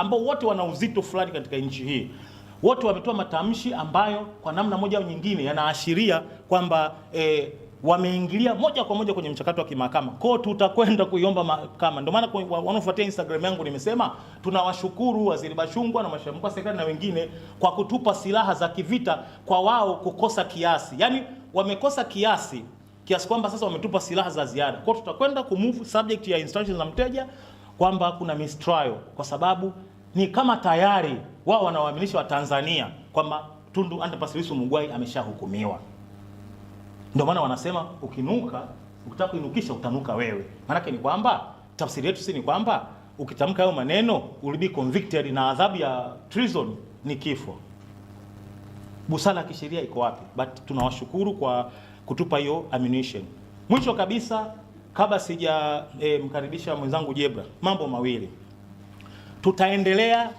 ambao wote wana uzito fulani katika nchi hii wote wametoa matamshi ambayo kwa namna moja au nyingine yanaashiria kwamba e, wameingilia moja kwa moja kwenye mchakato wa kimahakama. Kwa tutakwenda kuiomba mahakama. Ndio maana wanaofuatia Instagram yangu nimesema tunawashukuru Waziri Bashungwa na Mhashamu Serikali na wengine kwa kutupa silaha za kivita kwa wao kukosa kiasi, yaani wamekosa kiasi kiasi kwamba sasa wametupa silaha za ziada. Kwa tutakwenda kumove subject ya instructions za mteja kwamba kuna mistrial kwa sababu ni kama tayari wao wanawaaminisha Watanzania kwamba Tundu Antipas Lissu Mugwai ameshahukumiwa. Ndio maana wanasema ukinuka, ukitaka kuinukisha utanuka wewe. Maanake ni kwamba tafsiri yetu si ni kwamba ukitamka hayo maneno ulibi convicted na adhabu ya treason ni kifo. Busara ya kisheria iko wapi? But tunawashukuru kwa kutupa hiyo ammunition. Mwisho kabisa kabla sija e, mkaribisha mwenzangu Jebra, mambo mawili tutaendelea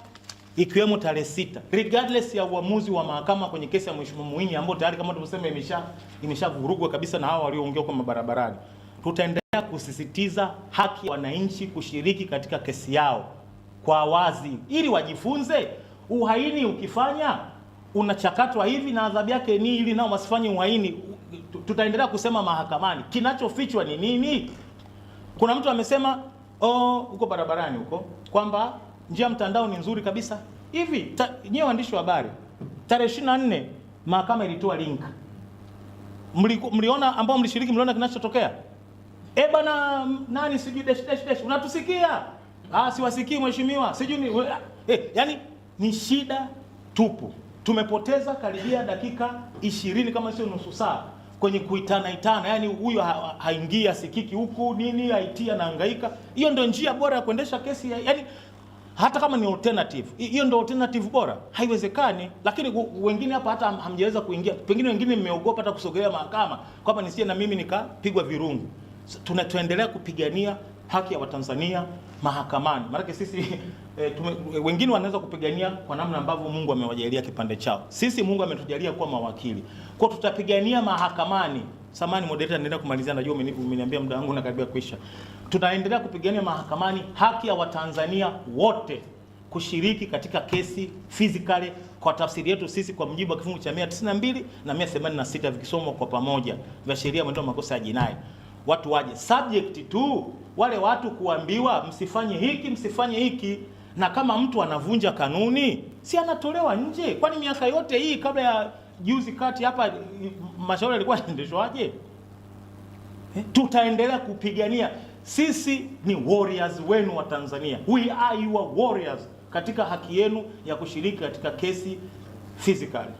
ikiwemo tarehe sita regardless ya uamuzi wa mahakama kwenye kesi ya Mheshimiwa Mwinyi ambayo tayari kama tulivyosema imesha imeshavurugwa kabisa na hao walioongea kwa mabarabarani. Tutaendelea kusisitiza haki ya wananchi kushiriki katika kesi yao kwa wazi, ili wajifunze uhaini ukifanya unachakatwa hivi na adhabu yake ni ili nao wasifanye uhaini. Tutaendelea kusema mahakamani kinachofichwa ni nini. Kuna mtu amesema oh, uko barabarani huko kwamba njia mtandao ni nzuri kabisa. Hivi nyewe waandishi wa habari, tarehe 24 mahakama ilitoa link, mliona ambao mlishiriki, mliona kinachotokea. E bana, nani sijui dash dash dash, unatusikia? Ah, siwasikii mheshimiwa, sijui eh, yani ni shida tupu. Tumepoteza karibia dakika 20 kama sio nusu saa kwenye kuitana itana, yani huyo ha, haingia sikiki huku nini, IT anahangaika. Hiyo ndio njia bora ya kuendesha kesi yani hata kama ni alternative, hiyo ndio alternative bora? Haiwezekani. Lakini wengine hapa hata hamjaweza kuingia, pengine wengine mmeogopa hata kusogelea mahakama kwamba nisije na mimi nikapigwa virungu. Tuna tuendelea kupigania haki ya Watanzania mahakamani, maanake sisi e, tume, wengine wanaweza kupigania kwa namna ambavyo Mungu amewajalia kipande chao. Sisi Mungu ametujalia kuwa mawakili, kwa tutapigania mahakamani. Samani moderator, naenda kumalizia, najua umeniambia muda wangu unakaribia kuisha. Tunaendelea kupigania mahakamani haki ya Watanzania wote kushiriki katika kesi physically kwa tafsiri yetu sisi kwa mujibu wa kifungu cha 192 na 186 vikisomwa kwa pamoja vya sheria mwenendo makosa ya jinai. Watu waje subject tu wale watu kuambiwa msifanye hiki msifanye hiki, na kama mtu anavunja kanuni si anatolewa nje? Kwani miaka yote hii kabla ya juzi kati hapa mashauri yalikuwa yanaendeshwaje? Eh, tutaendelea kupigania sisi ni warriors wenu wa Tanzania. We are your warriors katika haki yenu ya kushiriki katika kesi physically.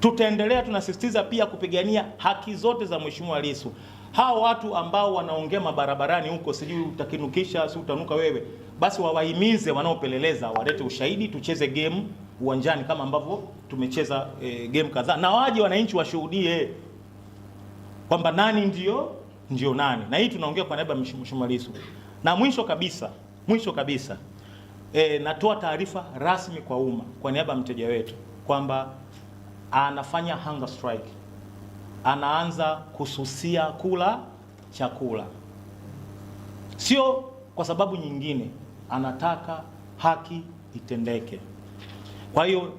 Tutaendelea, tunasisitiza pia kupigania haki zote za Mheshimiwa Lissu. Hao watu ambao wanaongea mabarabarani huko, sijui utakinukisha, si utanuka wewe, basi wawahimize wanaopeleleza walete ushahidi, tucheze game uwanjani kama ambavyo tumecheza e, game kadhaa, na waje wananchi washuhudie kwamba nani ndio ndio nani, na hii tunaongea kwa niaba ya Mheshimiwa Lissu. Na mwisho kabisa, mwisho kabisa e, natoa taarifa rasmi kwa umma kwa niaba ya mteja wetu kwamba anafanya hunger strike, anaanza kususia kula chakula, sio kwa sababu nyingine, anataka haki itendeke. Kwa hiyo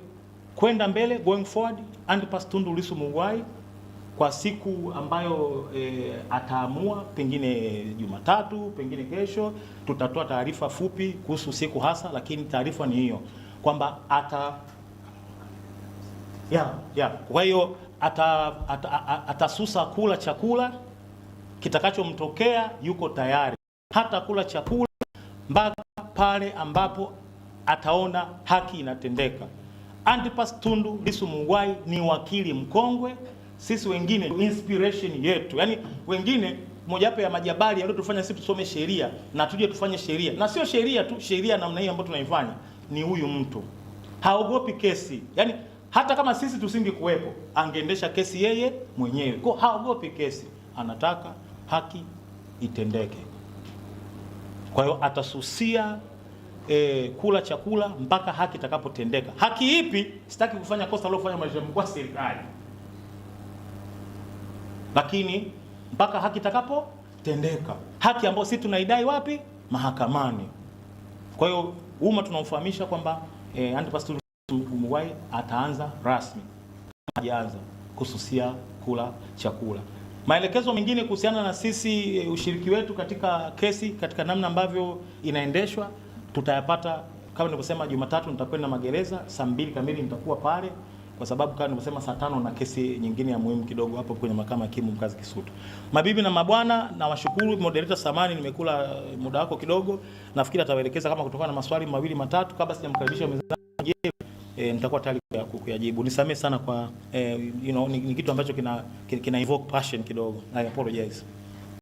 kwenda mbele, going forward, Antipas Tundu Lissu kwa siku ambayo e, ataamua pengine Jumatatu, pengine kesho, tutatoa taarifa fupi kuhusu siku hasa, lakini taarifa ni hiyo kwamba ata ya ya, Kwa hiyo atasusa ata, ata kula chakula kitakachomtokea, yuko tayari hata kula chakula mpaka pale ambapo ataona haki inatendeka. Antipas Tundu Lissu Mughwai ni wakili mkongwe sisi wengine inspiration yetu, yaani wengine mojawapo ya majabali yaliyotufanya sisi tusome sheria na tuje tufanye sheria, na sio sheria tu, sheria namna hii ambayo tunaifanya ni huyu mtu haogopi kesi, yaani hata kama sisi tusingi kuwepo angeendesha kesi yeye mwenyewe, kwa haogopi kesi, anataka haki itendeke. Kwa hiyo atasusia e, kula chakula mpaka haki itakapotendeka. Haki ipi? Sitaki kufanya kosa alilofanya maisha mkuu wa serikali lakini mpaka haki itakapotendeka, haki ambayo sisi tunaidai wapi? Mahakamani. Kwa hiyo umma tunaufahamisha kwamba eh, Antipas Mughwai ataanza rasmi, hajaanza kususia kula chakula. Maelekezo mengine kuhusiana na sisi eh, ushiriki wetu katika kesi, katika namna ambavyo inaendeshwa tutayapata kama nilivyosema. Jumatatu nitakwenda magereza saa mbili kamili nitakuwa pale kwa sababu kama nilivyosema, saa tano na kesi nyingine ya muhimu kidogo hapo kwenye mahakama ya kimu mkazi Kisutu. Mabibi na mabwana, nawashukuru moderator Samani, nimekula eh, muda wako kidogo, nafikiri atawaelekeza kama kutokana na maswali mawili matatu kabla sijamkaribisha mwenzangu E, nitakuwa tayari kuyajibu. Nisamee sana kwa e, you know, ni, ni kitu ambacho kina, kina, kina evoke passion kidogo. I apologize.